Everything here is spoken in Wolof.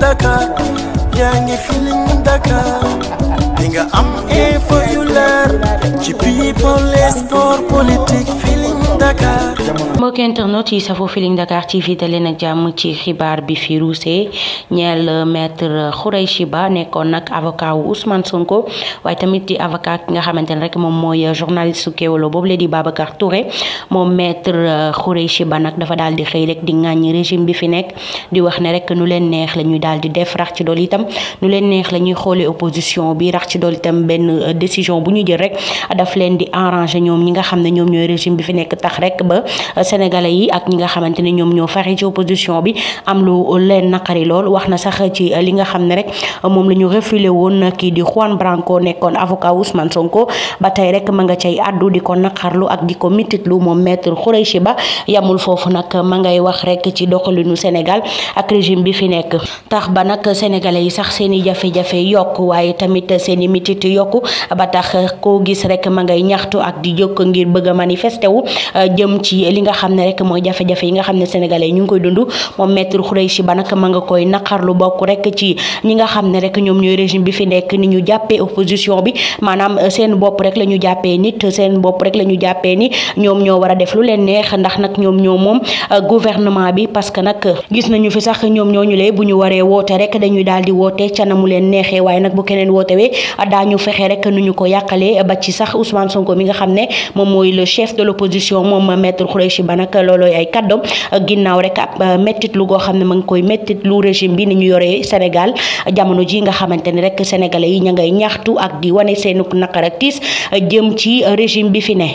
Dakar yaa ngi nga am info yu leer ci people les sport politique mbokk internet yi safoo Feeling Dakar TV daleen ak jàmm ci xibaar bi fi ruusee ñeel euh, maître euh, Khoureychi Ba nekkoon nag avocat wu Ousmane Sonko waaye tamit di avocat ki nga xamante ne rek moom mooy euh, journaliste su Kéwoulo boobu la di Babacar Touré moom maître Khoureychi Ba nag dafa daal di xëy rek di ŋàññi régime bi fi nekk di wax ne rek nu leen neex la ñuy daal di def rax ci dool itam nu leen neex la ñuy xoolee opposition bi rax ci dool itam benn décision bu ñu jël rek daf leen di arranger ñoom ñi nga xam ne ñoom ñooy régime bi fi nekk tax sénégalais yi ak ñi nga xamante ne ñoom ñoo fare ci opposition bi am lu leen naqari lool wax na sax ci li nga xam ne rek moom la ñu refilé woon kii di Juan Branco nekkoon avocat Ousmane Sonko ba tey rek ma nga cay addu di ko naqarlu ak di ko mititlu moom maître Khoureychi Ba yamul foofu nag ma ngay wax rek ci doxalinu Sénégal ak régime bi fi nekk tax ba nag sénégalais yi sax seen i jafe-jafe yokk waaye tamit seeni i mitit yokk ba tax ko gis rek ma ngay ñaxtu ak di jokk ngir bëgg a jëm ci li nga xam xam ne rek mooy jafe-jafe yi nga xam ne sénégalais yi ñu ngi koy dund moom maître Khoureychi Ba nag ma nga koy naqarlu bokk rek ci ñi nga xam ne rek ñoom ñooy régime bi fi nekk ni ñu jàppee opposition bi maanaam euh, seen bopp rek la ñu jàppee nit seen bopp rek la ñu jàppee ni ñoom ñoo war a def lu leen neex ndax nag ñoom ñoo moom euh, gouvernement bi parce que nag gis nañu fi sax ñoom ñooñu lay bu ñu waree wootee rek dañu daal di woote ca na mu leen neexee waaye nag bu keneen wootewee ñu fexe rek nu ñu ko yàqalee ba ci sax Ousmane Sonko mi nga xam ne moom mooy le chef de l'opposition moom maître Khoureychi ba nag loolooy ay kàddoom ginnaaw rek ab euh, goo xam ne ma ngi koy méttit lu régime bi ni ñu yoree Sénégal jamono ji nga xamante ne rek sénégalais yi ñu ngay ñaxtu ak di wane seenu naqar ak tiis jëm ci régime bi fi ne